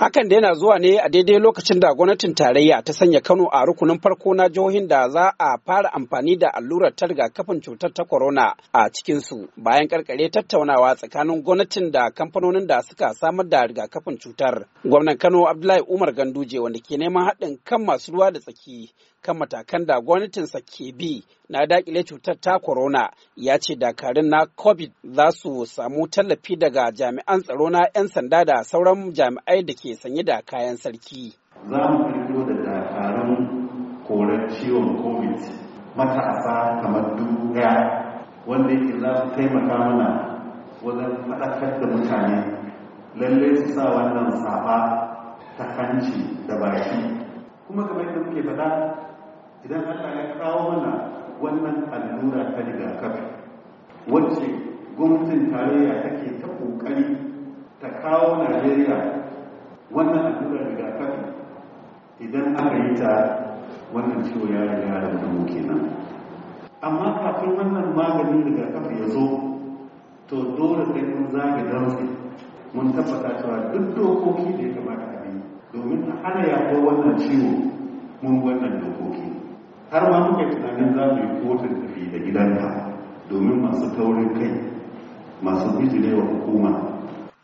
Hakan da yana zuwa ne a daidai lokacin da gwamnatin tarayya ta sanya Kano a rukunin farko na jihohin da za a fara amfani da allurar ta rigakafin cutar ta corona a cikinsu bayan karkare tattaunawa tsakanin gwamnatin da kamfanonin da suka samar da rigakafin cutar. Gwamnan Kano Abdullahi Umar Ganduje wanda ke neman haɗin kan masu ruwa da tsaki kan matakan da sa ke bi na dakile cutar ta corona ya ce dakarun na covid za su samu tallafi daga jami'an tsaro na 'yan sanda da sauran jami'ai da ke ke sanye da kayan sarki. Za mu fito da dakarun korar ciwon covid matasa kamar dubu ɗaya wanda yake za su taimaka mana wajen faɗakar da mutane lallai su sa wannan saba ta hanci da baki kuma kamar yadda muke faɗa idan allah ya kawo mana wannan allura ta rigakafi wacce gwamnatin tarayya take ta ƙoƙari ta kawo najeriya wannan allurar rigakafi idan aka yi ta wannan ciwo ya riga da mutum kenan amma kafin wannan maganin rigakafi ya zo to dole sai mun zage dantse mun tabbata cewa duk dokoki da ya kamata a yi domin a hana yaɗo wannan ciwo mun wannan dokoki har ma muka tunanin za mu yi kotun tafi da gidanka domin masu taurin kai masu bijirewa hukuma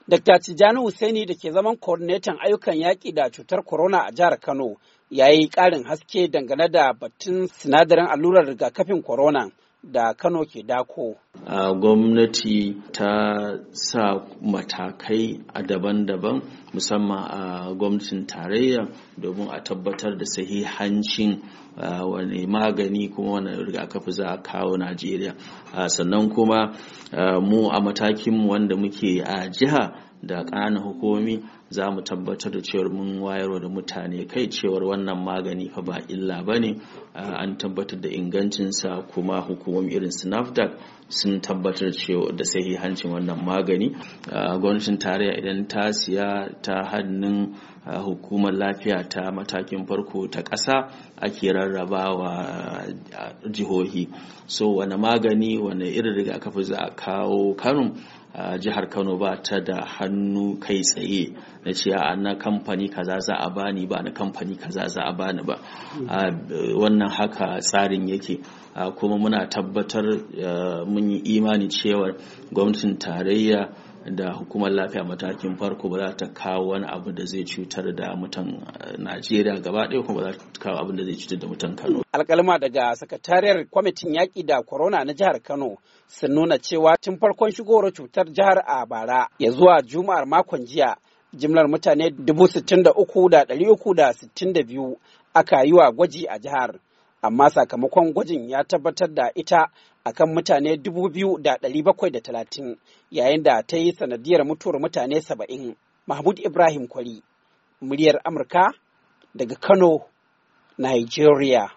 Dr. Tijjani Hussaini da ke zaman coordinator ayyukan yaƙi da cutar corona a jihar Kano ya yi ƙarin haske dangane da batun sinadarin allurar rigakafin corona da Kano ke dako. a gwamnati ta sa matakai a daban-daban musamman a gwamnatin tarayya domin a tabbatar da sahihancin wani magani kuma wani rigakafi za a kawo najeriya sannan kuma mu a matakinmu wanda muke a jiha da ƙananan hukumi, za mu tabbatar da cewar mun wayarwa da mutane kai cewar wannan magani fa ba illa ba ne an tabbatar da ingancinsa kuma hukumomi irin su sun tabbatar cewa da sahihancin wannan magani ah, gwamnatin tarayya idan ta siya ta hannun ah, hukumar lafiya ta matakin farko ta ƙasa ake rarrabawa ah, jihohi so wani magani wani irin rigakafi za a kawo kanun? a jihar Kano ba ta da hannu kai tsaye na ce a na kamfani kaza za a bani ba na kamfani kaza za a bani ba wannan haka tsarin yake kuma muna tabbatar mun yi imani cewar gwamnatin tarayya da hukumar lafiya matakin farko ba za ta kawo wani abu da zai cutar da mutan eh, najeriya gaba ɗaya kuma ba za ta kawo abin da zai cutar da mutan kano Alƙalma daga sakatariyar kwamitin yaƙi da corona na jihar kano sun nuna cewa tun farkon shigowar cutar jihar a bara ya zuwa juma'ar makon jiya jimlar mutane 63,362 aka yi wa gwaji a jihar amma sakamakon gwajin ya tabbatar da ita a kan mutane 2,730 yayin da ta yi sanadiyar mutuwar mutane 70. Mahmud Ibrahim Kwari, muryar Amurka daga Kano, Nigeria.